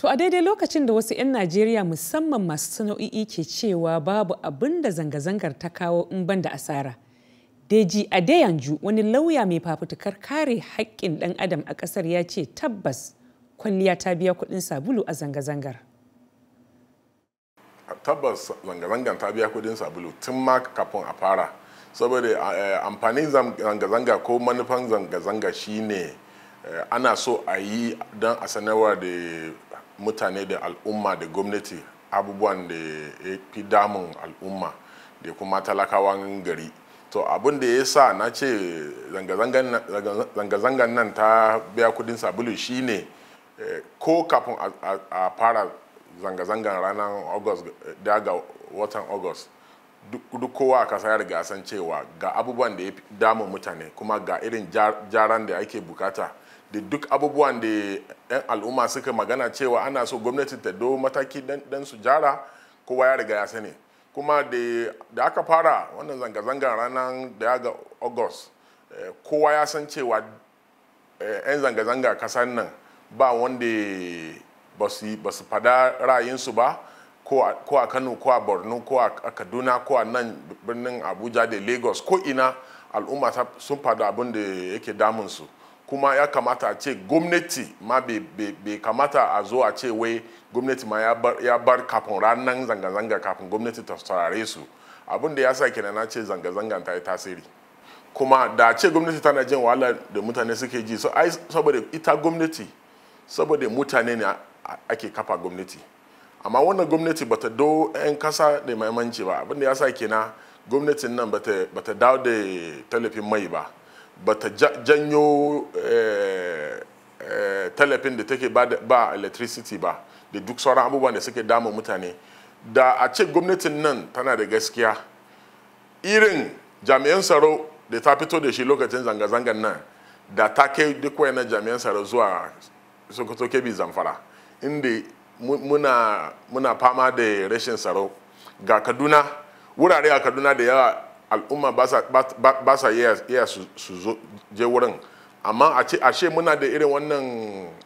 To a daidai lokacin da wasu 'yan Najeriya musamman masu sana'o'i ke cewa babu abin da zanga-zangar ta kawo in ban da asara. Deji Adeyanju wani lauya mai fafutukar kare haƙƙin ɗan adam a ƙasar ya ce tabbas kwalliya ta biya kuɗin sabulu a zanga-zangar. Tabbas zanga-zangar ta biya kuɗin sabulu tun ma kafin a fara. Saboda eh, amfanin zanga-zanga ko manufan zanga-zanga shine eh, ana so a yi don a sanarwa da mutane da al'umma da gwamnati abubuwan da ya fi damun al'umma da kuma talakawan gari to abin da ya sa na ce zanga-zangan nan ta biya kudin sabulu shine eh, ko kafin a fara zanga-zangan ranar august daga watan august duk kowa a kasa ya riga cewa ga abubuwan da ya damun mutane kuma ga irin jaran da ake bukata da duk abubuwan da 'yan al'umma suka magana cewa ana so gwamnati ta do mataki dan su jara kowa ya riga ya sani kuma da aka fara wannan zanga-zangar ranar da ya ga august eh, kowa ya san cewa eh, 'yan zanga-zanga kasan nan ba wanda ba su fada ra'ayinsu ba ko a kano ko a borno ko a kaduna ko a nan birnin abuja da lagos ko ina al'umma sun fada abin da yake damunsu kuma ya kamata a ce gwamnati ma bai kamata a zo a ce wai gwamnati ma ya bar kafin ranar zanga-zanga kafin gwamnati ta saurare su abin da ya sa kenan na ce zanga zanga ta yi tasiri kuma da ce gwamnati tana jin wahala da mutane suke ji so ai saboda ita gwamnati saboda mutane ne ake kafa gwamnati amma wannan gwamnati bata do 'yan kasa da maimanci ba abin da ya sa kenan gwamnatin nan bata dawo da tallafin mai ba ba ta janyo eh, eh, talafin da take ba electricity ba da duk sauran abubuwan da suke dama mutane da a ce gwamnatin nan tana da gaskiya irin jami'an tsaro da ta fito da shi lokacin zanga-zangan nan da ta kai duk wayannan jami'an tsaro zuwa sokoto kebi zamfara inda muna, muna fama da rashin tsaro ga kaduna wurare a kaduna da yawa al'umma ba sa iya su je wurin amma a ce ashe muna da irin wannan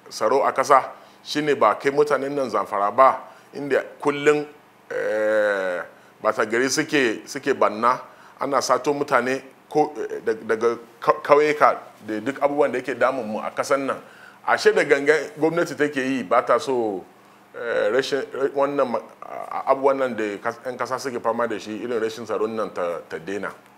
tsaro a ƙasa shine ba kai mutanen nan zamfara ba inda kullum eh, batagari gari suke banna ana sato mutane eh, daga kauyuka da duk abubuwan da yake damun mu a ƙasan nan ashe da gangan gwamnati take yi ba ta so Eh, rashin wannan abubuwan nan da 'yan kasa suke fama da shi irin rashin tsaron nan ta daina